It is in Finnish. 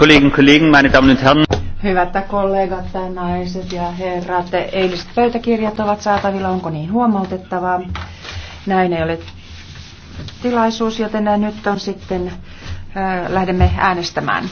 Kolleginnen Kollegen, meine Damen und Herren. Hyvät kollegat, naiset ja herrat, eiliset pöytäkirjat ovat saatavilla, onko niin huomautettavaa? Näin ei ole tilaisuus, joten nyt on sitten, äh, lähdemme äänestämään.